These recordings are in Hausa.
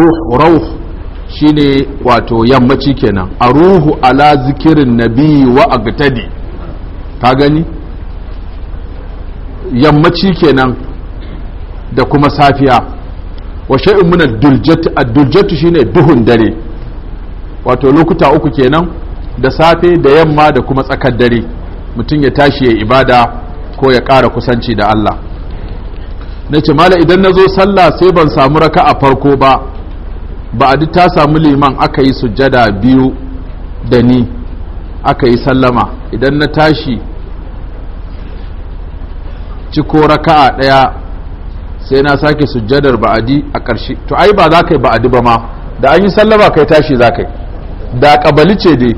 ruh rauf shine wato yammaci kenan a ruhu ala zikirin nabi wa agtadi ka gani yammaci kenan da kuma safiya wa sha'in muna duljatu duljat shine duhun dare wato lokuta uku kenan da safe da yamma da kuma tsakar dare mutum ya tashi ya ibada ko ya ƙara kusanci da Allah na ce mala idan na zo sallah sai ban samu raka a farko ba ba'adi ta samu liman aka yi sujjada biyu da ni aka yi sallama idan na tashi ciko raka'a ɗaya sai na sake sujjadar ba'adi a ƙarshe to ai ba za ka yi ba'adi ba ma da an yi sallama kai tashi za ka yi da ƙabali ce dai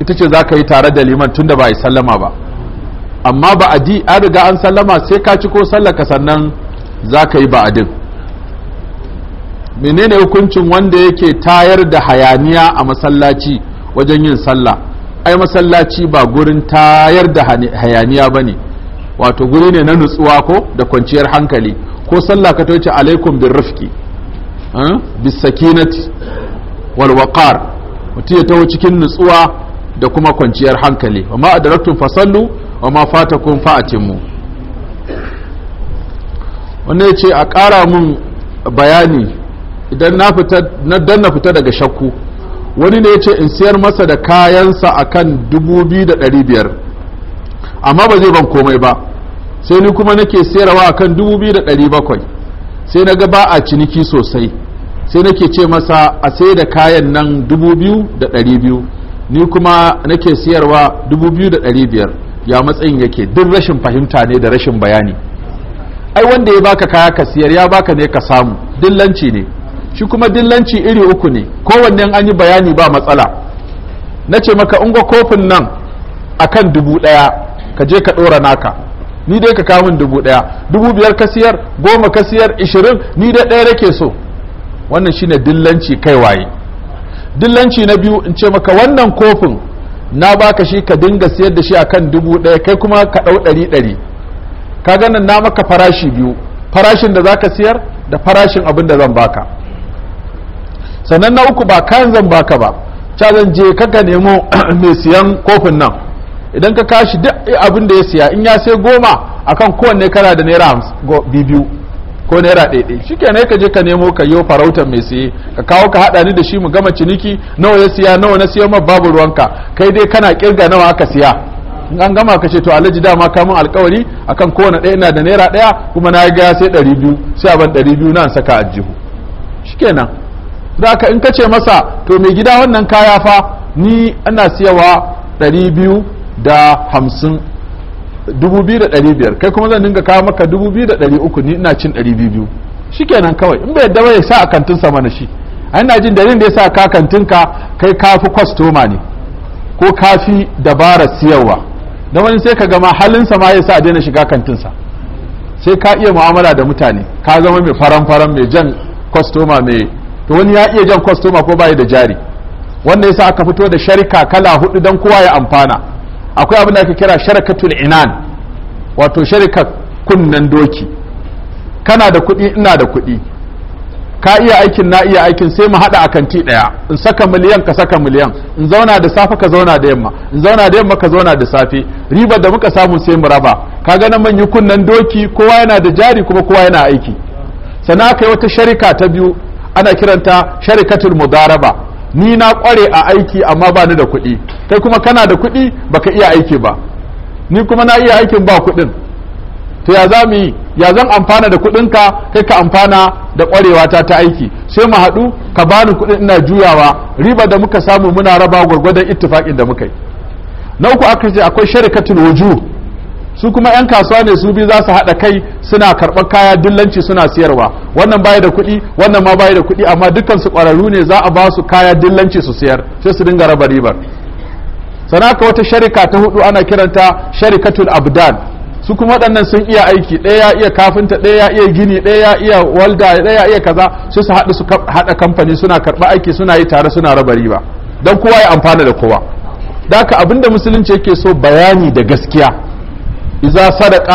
ita ce za ka yi tare da liman tun da ba a yi sallama ba amma ba'adi an riga an sallama sai ka ciko sallaka sannan za ka yi ba'adin menene hukuncin wanda yake tayar da hayaniya a masallaci wajen yin sallah ai masallaci ba gurin tayar da hayaniya ba ne wato guri ne na nutsuwa ko da kwanciyar hankali ko sallah ka tauce alaikum bin rufki, eh, bis sakinati wal waqar mutum ya taho cikin nutsuwa da kuma kwanciyar hankali wa ma adraktum fasallu wa ma fatakum fa'atimu wannan ya ce a ƙara mun bayani idan na fita na dan na fita daga shakku wani ne ya ce in siyar masa da kayansa akan dubu biyu da ɗari biyar amma ba zai ban komai ba sai ni kuma nake sayarwa akan dubu da ɗari bakwai sai na ga ba a ciniki sosai sai nake ce masa a sai da kayan nan dubu biyu da ɗari biyu ni kuma nake siyarwa dubu biyu da ɗari biyar ya matsayin yake duk rashin fahimta ne da rashin bayani ai wanda ya baka kaya ka siyar ya baka ne ka samu dillanci ne shi kuma dillanci iri uku ne kowanne an yi bayani ba matsala na ce maka ungo kofin nan akan dubu ɗaya ka je ka ɗora naka ni dai ka kamun dubu ɗaya dubu biyar ka siyar goma ka siyar ishirin ni dai ɗaya rake so wannan shi ne dillanci kai waye dillanci na biyu in ce maka wannan kofin na baka shi ka dinga siyar da shi akan dubu ɗaya kai kuma ka ɗau ɗari ɗari ka ganin na maka farashi biyu farashin da za ka siyar da farashin abin da zan baka sannan na uku ba kayan zan baka ba ca zan je kaka nemo mai siyan kofin nan idan ka kashi duk abin da ya siya in ya sai goma akan kowanne kana da naira biyu ko naira ɗaiɗai shi kenan ka je ka nemo ka yi farautar mai siye ka kawo ka haɗa ni da shi mu gama ciniki nawa ya siya nawa na siya ma babu ruwanka kai dai kana kirga nawa aka siya an gama ka ce to alhaji dama ka mun alkawari akan kowane ɗaya ina da naira ɗaya kuma na ga sai ɗari biyu sai ban ɗari biyu na saka a jihu shikenan za ka in ka ce masa to mai gida wannan kaya fa ni ana siyawa ɗari biyu da hamsin dubu biyu da ɗari biyar kai kuma zan dinga kawo maka dubu biyu da ɗari uku ni ina cin ɗari biyu biyu shikenan kawai in bai yadda ba ya sa a kantinsa mana shi a ina jin dalilin da ya sa ka ka kai kafi kwastoma ne ko kafi dabarar siyarwa Na wani sai ka gama halinsa ma ya sa a daina shiga kantinsa sai ka iya mu'amala da mutane ka zama mai faran faran mai jan kwastoma mai to wani ya iya jan kwastoma ko bai da jari wanda yasa aka fito da sharika kala hudu don kowa ya amfana akwai abin da ake kira sharakatul inan wato sharikar kunnan doki kana da kuɗi ina da kuɗi ka iya aikin na iya aikin sai mu haɗa a kanti ɗaya in saka miliyan ka saka miliyan in zauna da safe ka zauna da yamma in zauna da yamma ka zauna da safe ribar da muka samu sai mu raba ka ga nan manyan kunnen doki kowa yana da jari kuma kowa yana aiki sannan aka yi wata sharika ta biyu ana kiranta sharikatul mudaraba ni na kware a aiki amma ba ni da kuɗi kai kuma kana da kuɗi baka iya aiki ba ni kuma na iya aikin ba kuɗin to ya za mu yi ya zan amfana da kuɗinka kai ka amfana da ƙwarewa ta ta aiki sai mu haɗu ka bani kuɗin ina juyawa riba da muka samu muna raba gwargwadon ittifaƙin da muka yi na uku aka akwai sharikatul wujuh su kuma 'yan kasuwa ne su biyu za su haɗa kai suna karɓar kaya dillanci suna siyarwa wannan baya da kuɗi wannan ma baya da kuɗi amma dukkan su ƙwararru ne za a ba su kaya dillanci su siyar sai su dinga raba ribar sanaka wata sharika ta hudu ana kiranta sharikatul abdan su kuma waɗannan sun iya aiki ɗaya ya iya kafinta ɗaya ya iya gini ɗaya ya iya walda ɗaya ya iya kaza sai su haɗu su haɗa kamfani suna karɓa aiki suna yi tare suna raba riba don kowa ya amfana da kowa da haka abinda musulunci yake so bayani da gaskiya iza sadaka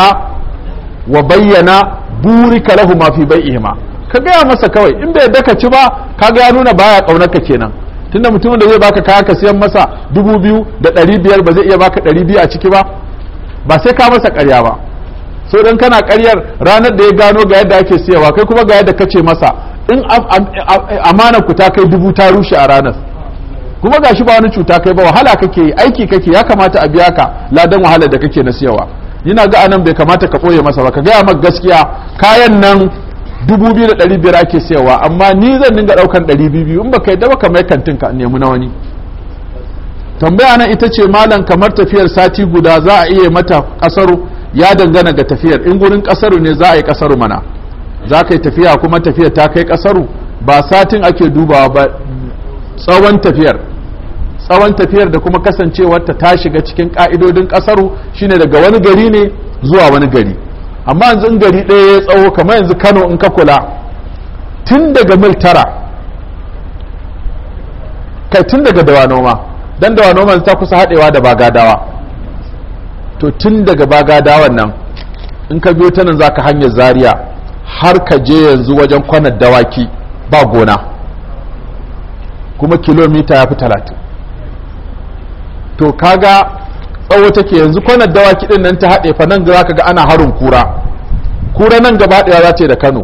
wa bayyana burika lahu ma fi bai'ihima ka gaya masa kawai in bai daka ci ba ka ga ya nuna baya ka kenan tunda mutumin da zai baka kaya ka siyan masa dubu biyu da ɗari biyar ba zai iya baka ɗari biyu a ciki ba ba sai ka masa ƙarya ba so dan kana ƙaryar ranar da ya gano ga yadda ake siyawa kai kuma ga yadda kace masa in amanar ku ta kai dubu ta rushe a ranar kuma gashi ba wani cuta kai ba wahala kake yi aiki kake ya kamata a biya ka ladan wahalar da kake na siyawa yana ga anan bai kamata ka ɓoye masa ba ka gaya maka gaskiya kayan nan dubu biyu da ɗari biyar ake sayawa amma ni zan dinga ɗaukan ɗari biyu in ba kai da baka kantin ka nemi na wani tambaya nan ita ce malam kamar tafiyar sati guda za a iya mata ƙasaru ya dangana ga tafiyar in gurin ƙasaru ne za a yi ƙasaru mana za ka yi tafiya kuma tafiyar ta kai ƙasaru ba satin ake dubawa ba tsawon tafiyar tsawon tafiyar da kuma kasancewar ta shiga cikin ka'idodin kasaru shine daga wani gari ne zuwa wani gari amma yanzu in gari ɗaya ya tsawo kamar yanzu kano in ka kula tun daga mil tara kai tun daga dawa noma don dawa noma ta kusa haɗewa da bagadawa to tun daga bagadawan nan in ka biyo ta nan za ka hanyar Zariya har ka je yanzu wajen kwanar dawaki ba gona kuma kilomita ya fi talatin to kaga tsawo take yanzu kwanar dawaki din nan ta haɗe fa nan za ka ga ana harin kura kura nan gaba haɗewa za ta da kano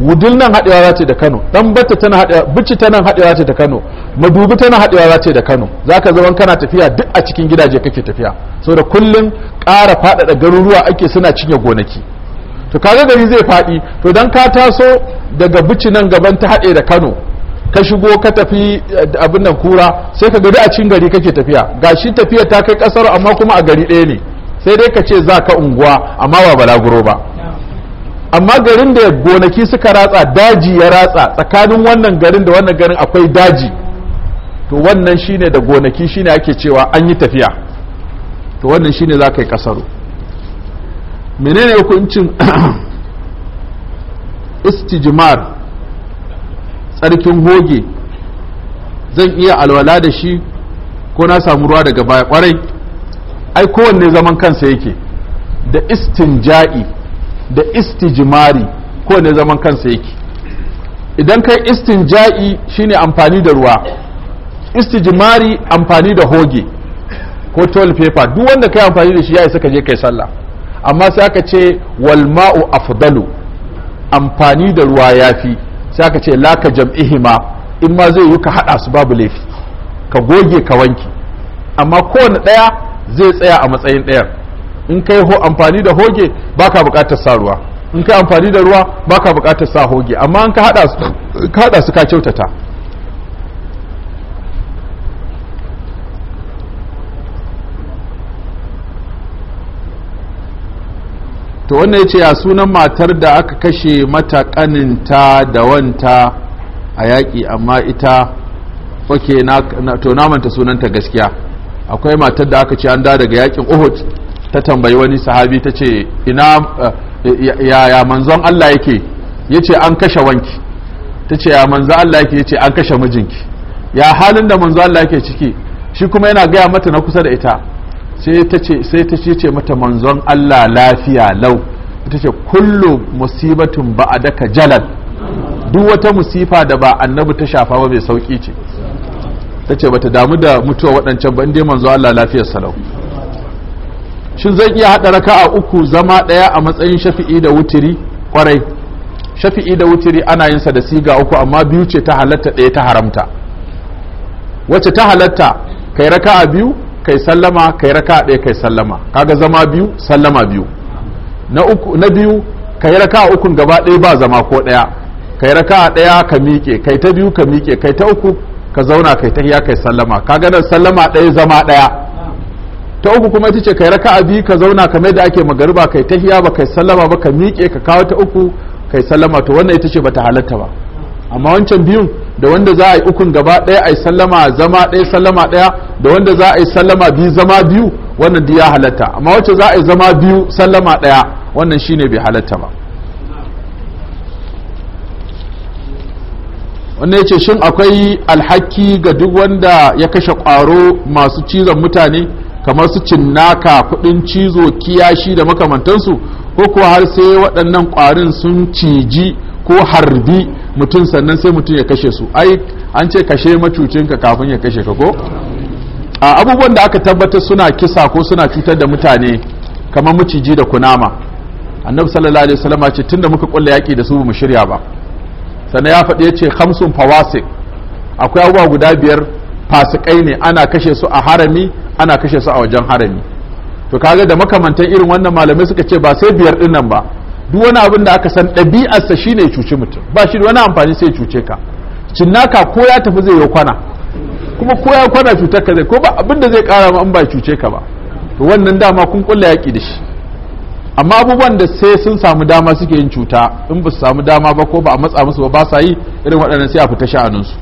wudil nan haɗewa za ta da kano dan batta tana haɗewa bici nan haɗewa za ta da kano madubi tana haɗewa za ta da kano za ka zaman kana tafiya duk a cikin gidaje kake tafiya saboda kullum ƙara faɗaɗa garuruwa ake suna cinye gonaki to kaga gari zai faɗi to dan ka taso daga bici nan gaban ta haɗe da kano ka shigo ka tafi eh, abin nan kura sai ka gari a cikin gari kake tafiya gashi tafiya ta kai kasar amma kuma a gari ɗaya ne sai dai ka ce za ka unguwa amma ba balaguro ba amma garin da gonaki suka ratsa daji ya ratsa tsakanin wannan garin da wannan garin akwai daji to wannan shine da gonaki shine ake cewa an yi tafiya to wannan shine za ka yi kasaro menene hukuncin istijmar tsarkin hoge zan iya alwala da shi ko na samu ruwa daga baya kwarai ai kowanne zaman kansa yake da istinja'i da istijimari kowanne zaman kansa yake idan kai istinja'i shine amfani da ruwa istijimari amfani da hoge ko toilet paper duk wanda kai amfani da shi ya isa ka je kai sallah amma sai aka ce walma'u afdalu amfani da ruwa yafi sai aka ce laka ka jam'ihima in ma zai yi ka haɗa su babu laifi ka goge ka wanki amma kowane ɗaya zai tsaya a matsayin ɗayan in kai amfani da hoge baka buƙatar sa ruwa in kai amfani da ruwa baka buƙatar sa hoge amma in ka haɗa su ka kyautata to wannan yace ya sunan matar da aka kashe mata kaninta da wanta a yaƙi amma ita na to namanta sunanta gaskiya akwai matar da aka ce an da daga yaƙin Uhud ta tambayi wani sahabi ta ce ina ya manzon Allah yake yace an kashe wanki ta ce ya manzon Allah yake yace an kashe mijinki ya halin da manzon Allah yake ciki shi kuma yana gaya mata na kusa da ita sai ta ce ce mata manzon Allah lafiya lau ita ce kullu musibatun ba a daka jalal duk wata musifa da ba annabi ta shafa ba mai sauki ce ta ce bata damu da mutuwa waɗancan ba inda manzon Allah lafiyar salau shin zan iya haɗa raka a uku zama ɗaya a matsayin shafi'i da wutiri kwarai shafi'i da wutiri ana yin sa da siga uku amma biyu ce ta halatta ɗaya ta haramta wacce ta halatta kai a biyu kai sallama kai raka ɗaya kai sallama kaga zama biyu sallama biyu na uku na biyu kai raka uku gaba ɗaya ba zama ko ɗaya kai raka ɗaya ka miƙe kai ta biyu ka miƙe kai ta uku ka zauna kai ta hiya kai sallama kaga nan sallama ɗaya zama ɗaya ta uku kuma ita ce kai raka biyu ka zauna kamar da ake magariba kai ta hiya ba kai sallama ba ka miƙe ka kawo ta uku kai sallama to wannan ita ce bata halatta ba amma wancan biyun da wanda za a yi ukun gaba ɗaya a yi sallama zama ɗaya sallama ɗaya da wanda za a yi sallama biyu zama biyu wannan duk ya halatta amma wacce za a yi zama biyu sallama ɗaya wannan shine bai halatta ba wannan yace shin akwai alhaki ga duk wanda ya kashe ƙwaro masu cizon mutane kamar su cinnaka kuɗin cizo kiyashi da makamantansu ko kuwa har sai waɗannan ƙwarin sun ciji ko harbi mutum sannan sai mutum ya kashe su ai an ce kashe macucinka kafin ya kashe ka ko a abubuwan da aka tabbatar suna kisa ko suna cutar da mutane kamar maciji da kunama annabi sallallahu alaihi wasallam ce tunda muka kulla yaki da su mu shirya ba sannan ya faɗi yace khamsun fawasik akwai abubuwa guda biyar fasikai ne ana kashe su a harami ana kashe su a wajen harami to kaga da makamantan irin wannan malamai suka ce ba sai biyar dinnan ba duk wani abin da aka san ɗabi'arsa shi ne cuci mutum ba shi da wani amfani sai cuce ka cinnaka ko ya tafi zai yi kwana kuma ko ya kwana cutar ka zai ko ba abin da zai kara ma in ba cuce ka ba to wannan dama kun kulla yaki da shi amma abubuwan da sai sun samu dama suke yin cuta in ba su samu dama ba ko ba a matsa musu ba ba sa yi irin waɗannan sai a fita sha'aninsu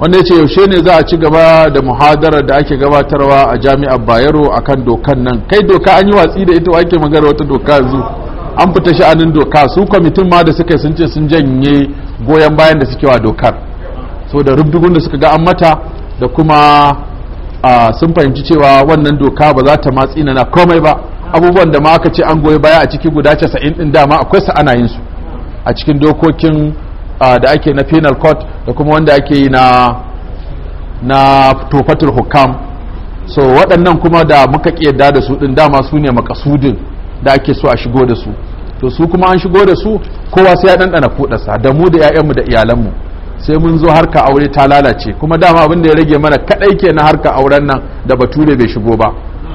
wanda ya ce yaushe ne za a ci gaba da muhadarar da ake gabatarwa a jami'ar bayero a kan dokan nan kai doka an yi watsi da ita ake magana wata doka yanzu an fita sha'anin doka su kwamitin ma da suka sun ce sun janye goyon bayan da suke wa dokar so da rubdugun da suka ga an mata da kuma sun fahimci cewa wannan doka ba za ta matsi na komai ba abubuwan da ma aka ce an goyi baya a ciki guda casa'in din dama akwai sa ana yin su a cikin dokokin da ake na penal court da kuma wanda ake yi na na tofatul hukam so waɗannan kuma da muka ƙiyarda da su ɗin dama su ne makasudin da ake so a shigo da su to su kuma an shigo da su kowa sai ya ɗanɗana kuɗasa da mu da 'ya'yanmu da iyalanmu sai mun zo harka aure ta lalace kuma dama abin da ya rage mana kaɗai ke na harka auren nan da bature bai shigo ba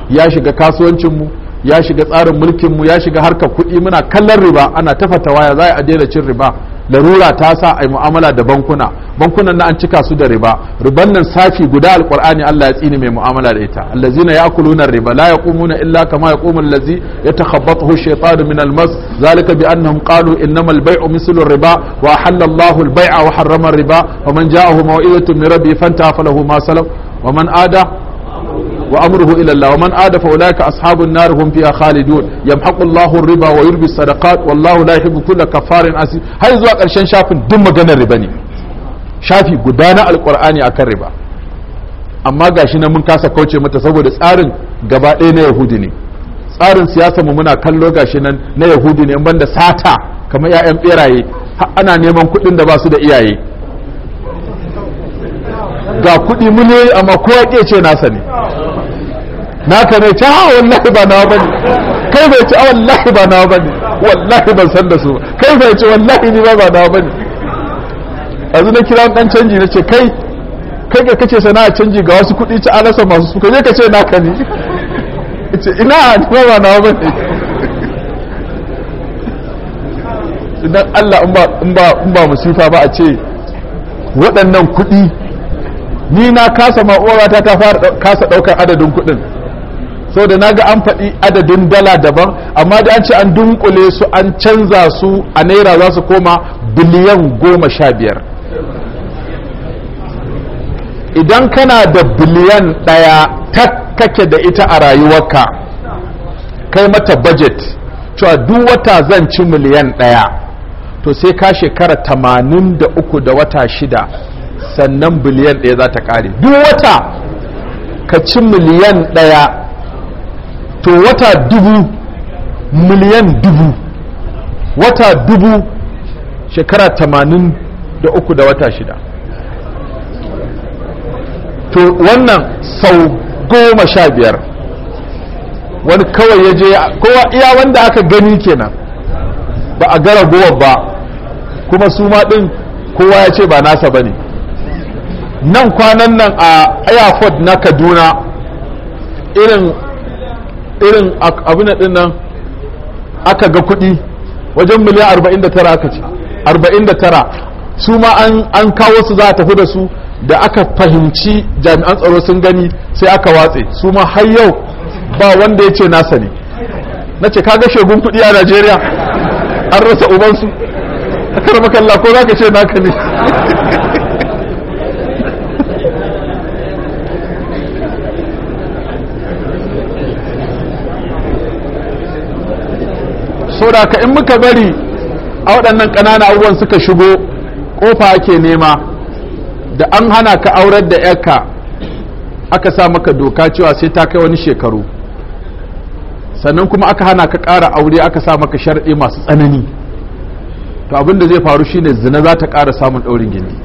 ya shiga kasuwancinmu ya shiga tsarin mulkinmu ya shiga harkar kuɗi muna kallon riba ana tafata waya za a daina cin riba larura ta sa ai mu'amala da bankuna bankunan na an cika su da riba riban nan safi guda alqur'ani Allah ya tsini mai mu'amala da ita allazina ya'kuluna riba la yaqumuna illa kama yaqumu allazi yatakhabbathu ash-shaytanu min al-mas zalika bi annahum qalu innama al-bay'u mislu riba wa ahalla Allahu al-bay'a wa harrama riba wa man ja'ahu maw'izatun min rabbi fanta'a falahu ma salaf wa man ada wa amruhu ila Allah wa man ada fa ulaika ashabun nar hum fiha khalidun yamhaqu Allahu riba wa yurbi sadaqat wallahu la yuhibbu kafarin asir har zuwa karshen shafin duk maganar riba ne shafi guda na alqur'ani akan riba amma gashi nan mun kasa kauce mata saboda tsarin gaba ɗaya na yahudi ne tsarin siyasa mu muna kallo gashi nan na yahudi ne banda sata kamar 'ya'yan beraye ana neman kuɗin da basu da iyaye ga kuɗi miliyoyi amma kowa ke ce nasa ne naka ne ci ha wallahi ba nawa bane kai bai ci a ah, wallahi ba nawa bane wallahi ban san da su kai bai ci wallahi ni ba ba nawa bane yanzu na kira dan canji na ce kai kai ka kace sana canji ga wasu kuɗi ci alasa masu su kaje ka ce naka ne ce ina ni ba nawa bane idan Allah in ba in ba musifa ba a ce waɗannan kuɗi ni na kasa ma'uwata ta fara kasa ɗaukar adadin kuɗin na naga an faɗi adadin dala daban amma da an ce an dunkule su an canza su a naira za su koma biliyan goma sha biyar idan kana da biliyan ɗaya ta kake da ita a rayuwarka kai mata budget cewa duk wata zan ci miliyan ɗaya to sai ka shekara tamanin da uku da wata shida sannan biliyan ɗaya za ta ƙare duk wata ka ci miliyan ɗaya to wata dubu miliyan dubu wata dubu shekara tamanin da uku da wata shida to wannan sau goma sha biyar wani kawai ya je kowa iya wanda aka gani kenan ba a gara goma ba kuma su ɗin kowa ya ce ba nasa ba ne nan kwanan nan a airport na kaduna irin irin abin din nan aka ga kuɗi wajen miliyan 49 aka ce 49 su ma an kawo su za a tafi da su da aka fahimci jami'an tsaro sun gani sai aka watse su ma har yau ba wanda ya ce nasa ne na ce kaga shegun kuɗi a najeriya an rasa ubansu a karamakalla ko za ka ce naka ne saboda ka in muka bari a waɗannan ƙanana abubuwan suka shigo ƙofa ake nema da an hana ka aurar da yarka aka sa maka doka cewa sai ta kai wani shekaru sannan kuma aka hana ka ƙara aure aka sa maka sharɗi masu tsanani to abin da zai faru shine zina za ta ƙara samun ɗaurin gindi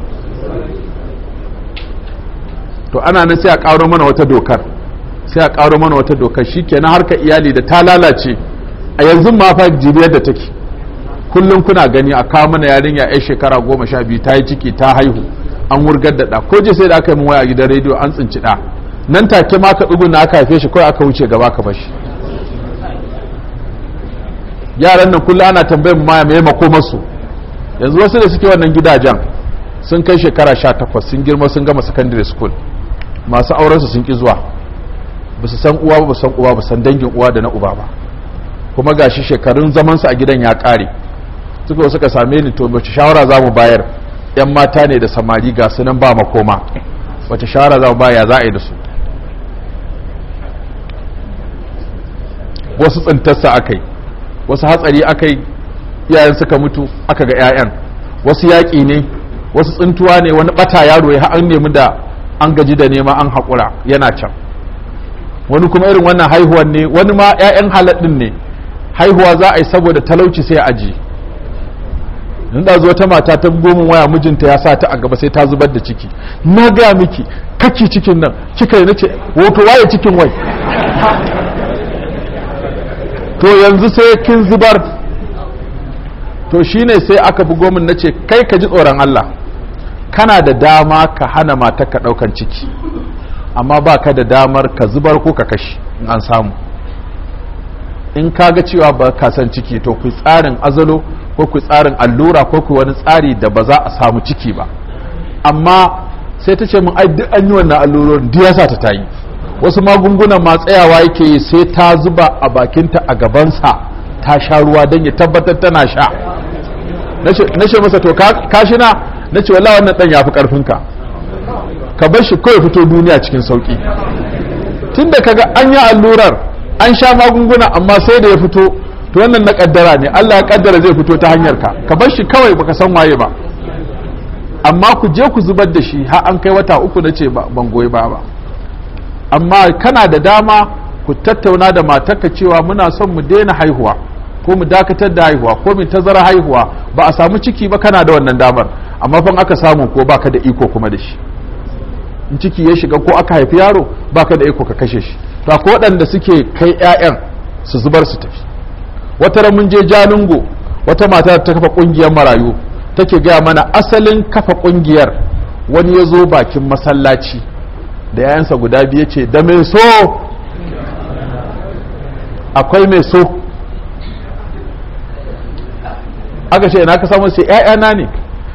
to ana nan sai a ƙaro mana wata dokar sai a ƙaro mana wata dokar shi shikenan harka iyali da ta lalace a yanzu ma fa jibiyar da take kullum kuna gani a kawo mana yarinya ya shekara goma sha biyu ta yi ciki ta haihu an wurgar da ɗa ko je sai da aka yi min waya a gidan rediyo an tsinci ɗa nan take ma ka ɗugu na aka haife shi kawai aka wuce gaba ka bashi yaran nan kullum ana tambayar mu mai mako masu yanzu wasu da suke wannan gidajen sun kai shekara sha takwas sun girma sun gama secondary school masu aurensu sun ki zuwa ba su san uwa ba san uwa ba san dangin uwa da na uba ba kuma gashi shekarun zamansa a gidan ya kare, suka suka same ni to wace shawara za mu bayar yan mata ne da samari ga sunan ba makoma wace shawara za mu bayar za a yi da su wasu tsintarsa aka yi wasu hatsari aka yi iyayen suka mutu aka ga 'ya'yan wasu yaƙi ne wasu tsintuwa ne wani ɓata yaro ya an nemi da an gaji da nema an haƙura yana can wani kuma irin wannan haihuwan ne wani ma 'ya'yan halaɗin ne haihuwa za a yi saboda talauci sai a aji in da zuwa ta mata ta gomin waya mijinta ya sa ta a gaba sai ta zubar da ciki na ga miki kaki cikin nan kika yi nace wato waye cikin wai to yanzu sai kin zubar to shine sai aka bugo min nace kai ka ji tsoron Allah kana da dama ka hana mata ka daukan ciki amma ba ka da damar ka zubar ko ka kashi in an samu in kaga cewa ba ka san ciki to ku tsarin azalo ko ku tsarin allura ko ku wani tsari da ba za a samu ciki ba amma sai ta ce min ai duk an yi wannan allurorin duk yasa ta tayi wasu magungunan ma tsayawa yake yi sai ta zuba a bakinta a gabansa ta sha ruwa don ya tabbatar tana sha na ce masa to kashi na na ce wallah wannan dan ya fi ka ka bar shi kawai fito duniya cikin sauki tunda kaga an yi allurar an sha magunguna amma sai da ya fito to wannan na kaddara ne Allah ya kaddara zai fito ta hanyar ka ka bar shi kawai baka san waye ba amma ku je ku zubar da shi har an kai wata uku na ce ban goyi ba ba amma kana da dama ku tattauna da matarka cewa muna son mu daina haihuwa ko mu dakatar da haihuwa ko mu tazara haihuwa ba a samu ciki ba kana da wannan damar amma fa aka samu ko baka da iko kuma da shi in ciki ya shiga ko aka haifi yaro baka da iko ka kashe shi to ko waɗanda suke kai 'ya'yan su zubar su tafi wata ran mun je jalingo wata mata ta kafa ƙungiyar marayu take gaya mana asalin kafa ƙungiyar wani ya zo bakin masallaci da 'ya'yansa guda biyu ce da mai so akwai mai so aka ce ina ka samu sai 'ya'yana ne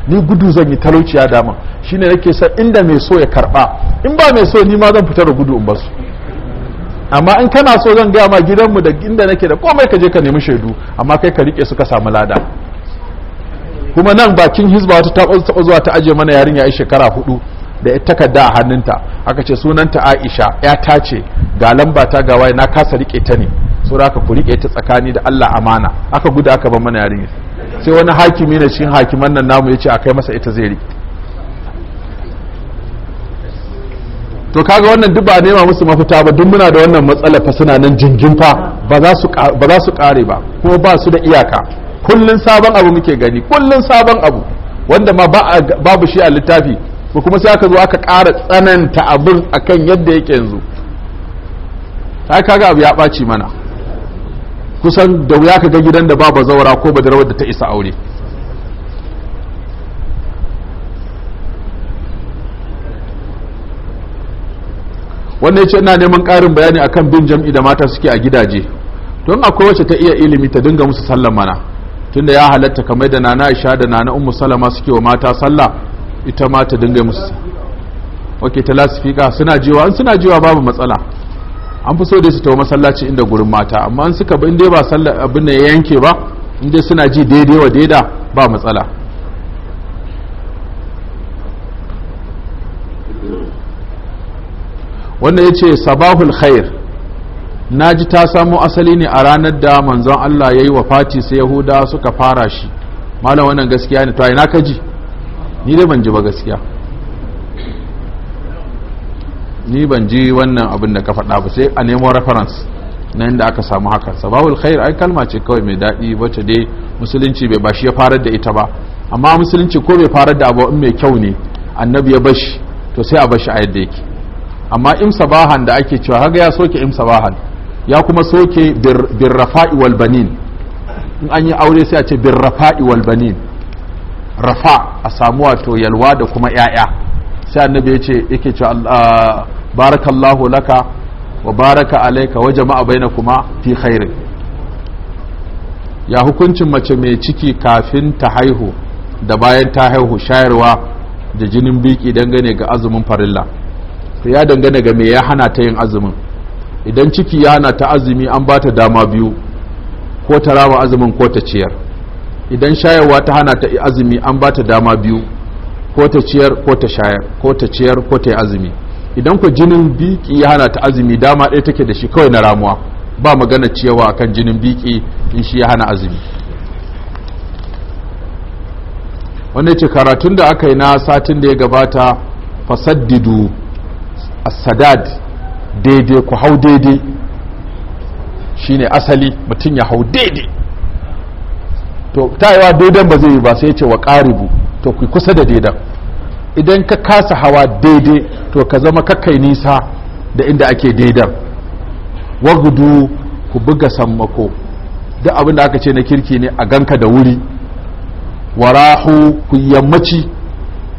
ni gudu zan yi talauciya dama shine nake san inda mai so ya karba in ba mai so ni ma zan fita da gudu in basu amma in kana so zan gaya ma gidanmu da inda nake da komai ka je ka nemi shaidu amma kai ka rike suka samu lada kuma nan bakin hizba wata taɓa zuwa ta aje mana yarinya ya shekara hudu da ya takarda a hannunta aka ce sunanta aisha ya ta ce ga lamba ta ga na kasa rike ta ne so da aka ku rike ta tsakani da allah amana aka guda aka ban mana yarinya sai wani hakimi na cikin hakiman nan namu ya ce a kai masa ita zai rike to kaga wannan duk ba nema musu mafita ba duk muna da wannan matsala fa suna nan jingin fa ba za su kare ba kuma ba su da iyaka kullun sabon abu muke gani kullun sabon abu wanda ma babu shi a littafi ko kuma sai aka zo aka ƙara tsananta abin akan yadda yake yanzu ta kaga abu ya ɓaci mana kusan da wuya ka ga gidan da ba zaura ko ba da rawar da ta isa aure wanda ya ce ina neman ƙarin bayani akan bin jam'i da mata suke a gidaje don akwai wacce ta iya ilimi ta dinga musu sallan mana tunda ya halatta kamar da nana Aisha da nana Ummu Salama suke wa mata sallah ita ma ta dinga musu Ok ta lasifika suna jiwa in suna jiwa babu matsala an fi so dai su tawo masallaci inda gurin mata amma in suka in dai ba sallar abin da ya yanke ba in dai suna ji daidai wa daida ba matsala wanda ya ce sabahul khair na ji ta samo asali ne a ranar da manzon Allah ya yi wa fati sai yahuda suka fara shi malam wannan gaskiya ne to ina ka ji ni dai ban ji ba gaskiya ni ban ji wannan abin da ka faɗa ba sai a nemo reference na inda aka samu haka sabahul khair ai kalma ce kawai mai daɗi wacce dai musulunci bai bashi ya farar da ita ba amma musulunci ko bai farar da abu mai kyau ne annabi ya bashi to sai a bashi a yadda yake amma imsa bahan da ake cewa haga ya soke imsa bahan, ya kuma soke birrafa'i wal banin in an yi aure sai a ce birrafa'i wal banin rafa a samu wato yalwa da kuma yaya sai annabi ya ce yake cewa barakallahu laka wa baraka alaika wa jama'a kuma fi khairin ya hukuncin mace mai ciki kafin ta haihu da bayan ta haihu shayarwa da jinin biki dangane ga azumin farilla to ya dangana ga me ya hana ta yin azumin idan ciki ya hana ta azumi an ba ta dama biyu ko ta rama azumin ko ta ciyar idan shayarwa ta hana ta azumi an ba ta dama biyu ko ta ciyar ko ta shayar ko ta ciyar ko ta azumi idan ku jinin biki ya hana ta azumi dama ɗaya take da shi kawai na ramuwa ba magana cewa akan jinin biki in shi ya hana azumi wanda ce karatun da aka yi na satin da ya gabata fasaddidu asadad daidai ku hau daidai shine asali mutum ya hau daidai to tayewa daidan ba zai yi ba sai ce wa karibu to ku kusa da daidan idan ka kasa hawa daidai to ka zama kakai nisa da inda ake daidan wagudu ku buga sammako duk abin aka ce na kirki ne a ganka da wuri warahu ku yammaci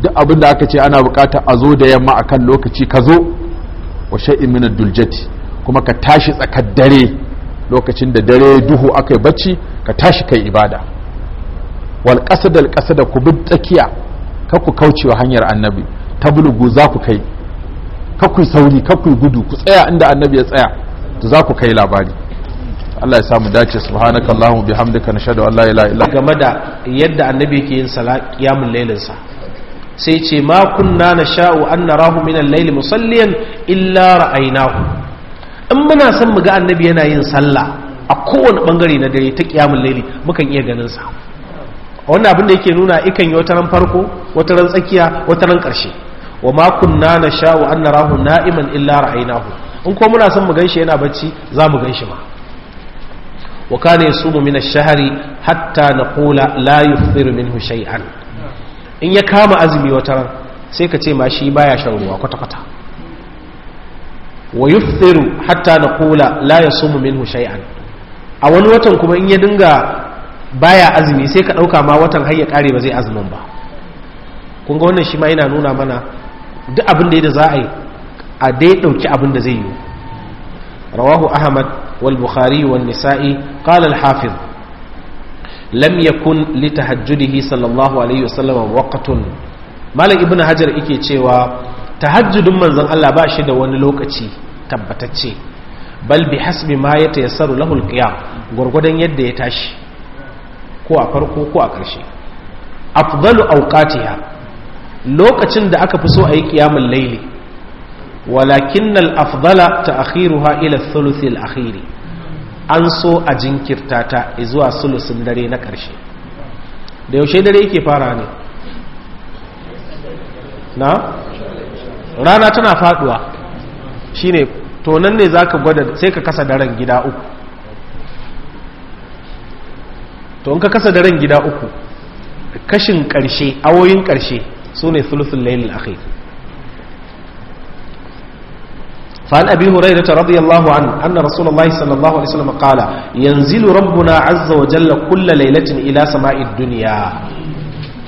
duk abin aka ce ana bukata a zo da yamma akan lokaci ka zo wa shay'in min duljati kuma ka tashi tsakar dare lokacin da dare duhu aka yi bacci ka tashi kai ibada wal qasada al qasada ku bi tsakiya ka ku kaucewa hanyar annabi ta bulugu za ku kai ka ku sauri ka ku gudu ku tsaya inda annabi ya tsaya to za ku kai labari Allah ya samu dace subhanakallahumma bihamdika nashhadu an la ilaha illa game da yadda annabi yake yin salat qiyamul lailinsa sai ce ma kunna na sha'u an narahu rahu minan laili musalliyan illa hu. in muna son mu annabi yana yin sallah a kowane bangare na dare ta kiyamul laili mukan iya ganin sa wannan abin da yake nuna ikan yi wataran farko wataran tsakiya wataran karshe wa ma kunna na sha'u an narahu na'iman illa hu. in ko muna san mu shi yana bacci za mu gan shi ma wa kana yasumu min ash-shahri hatta naqula la yufthiru minhu shay'an in ya kama azumi wata ran sai ka ce ma shi baya shan ruwa kwata-kwata wa yufthiru hatta na kula la ya sumu minhu shay'an a wani watan kuma in ya dinga baya azumi sai ka ɗauka ma watan har ya kare ba zai azumin ba kun ga wannan shi ma yana nuna mana duk abin da ya za a yi a dai ɗauki abin da zai yi rawahu ahmad wal bukhari wal nisa'i qala al hafiz lam yakun li tahajjudihi sallallahu alaihi wasallam waqtun malam ibnu hajar yake cewa tahajjudin manzon Allah ba shi da wani lokaci tabbatacce bal bi hasbi ma ya tayassaru lahu alqiyam gurgudan yadda ya tashi ko a farko ko a ƙarshe afdalu awqatiha lokacin da aka fi so a yi ƙiyamin layli walakin al afdala ta'khiruha ila thuluth al akhiri an so a jinkirta ta zuwa sulusun dare na ƙarshe da yaushe dare yake fara ne na rana tana faduwa shine to nan ne ka gwada sai ka kasa daren gida uku to in ka kasa daren gida uku kashin ƙarshe awoyin ƙarshe su ne sulusun lailin akai فعن أبي هريرة رضي الله عنه أن رسول الله صلى الله عليه وسلم قال ينزل ربنا عز وجل كل ليلة إلى سماء الدنيا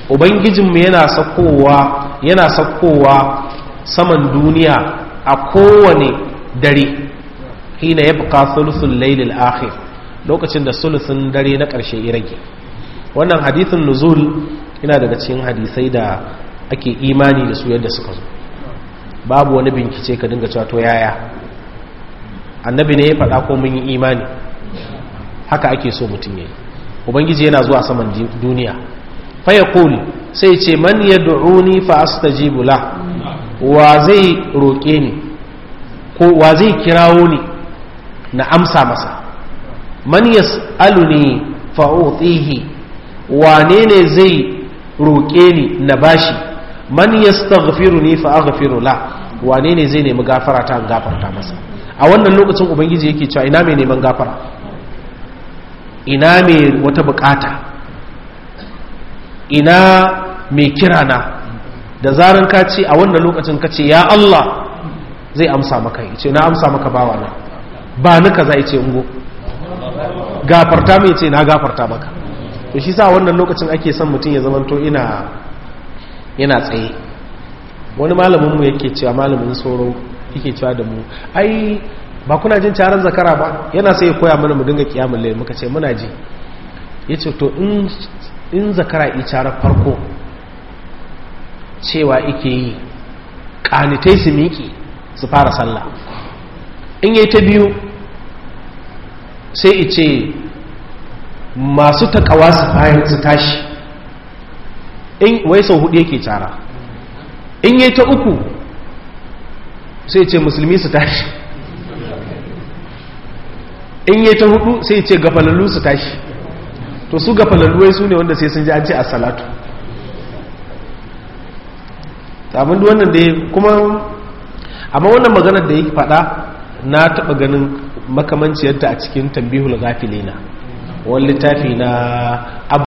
Ubangijin mu yana sakowa yana sakowa saman duniya a kowane dare, hina ya buka sulusun lailil akhir lokacin da sulusun dare na ƙarshe irage. Wannan hadithin nuzul yana daga cikin hadisai da ake imani da su yadda suka zo. babu wani bincike ka dinga cewa to yaya annabi ne ya faɗa ko mun yi imani haka ake so mutum yayi ubangiji yana zuwa saman duniya fa yaqul sai ce man yad'uni fa astajibu la wa zai roƙe ni ko wa zai kirawo ni na amsa masa man yas'aluni fa utihi wane ne zai roƙe ni na bashi man yastaghfiruni fa aghfiru la wane ne zai nemi gafara ta gafarta masa a wannan lokacin ubangiji yake cewa ina mai neman gafara ina mai wata bukata ina mai kirana da zaran ka ce a wannan lokacin ka ce ya Allah zai amsa maka ya ce na amsa maka bawa na ba ni kaza ya ce ungo gafarta mai ce na gafarta maka to shi sa wannan lokacin ake son mutum ya zamanto ina tsaye wani malaminmu mu yake cewa malamin tsoro yake cewa da mu ai ba kuna jin caran zakara ba yana sai ya koya mana mu dinga kiyamun lai muka ce muna ji ya ce to in zakara yi carar farko cewa ike yi ƙanitai su miki su fara sallah in yi ta biyu sai ice masu taƙawa su bayan tashi in wai sau hudu yake cara in yi ta uku sai ce musulmi su tashi in yi ta hudu sai ce gafalallu su tashi to su gafalalluwai su ne wanda sai sun ji an ce a salatu abin da wannan da kuma amma wannan maganar da ya faɗa na taɓa ganin makamanciyarta a cikin tambihul gafilina wani littafi na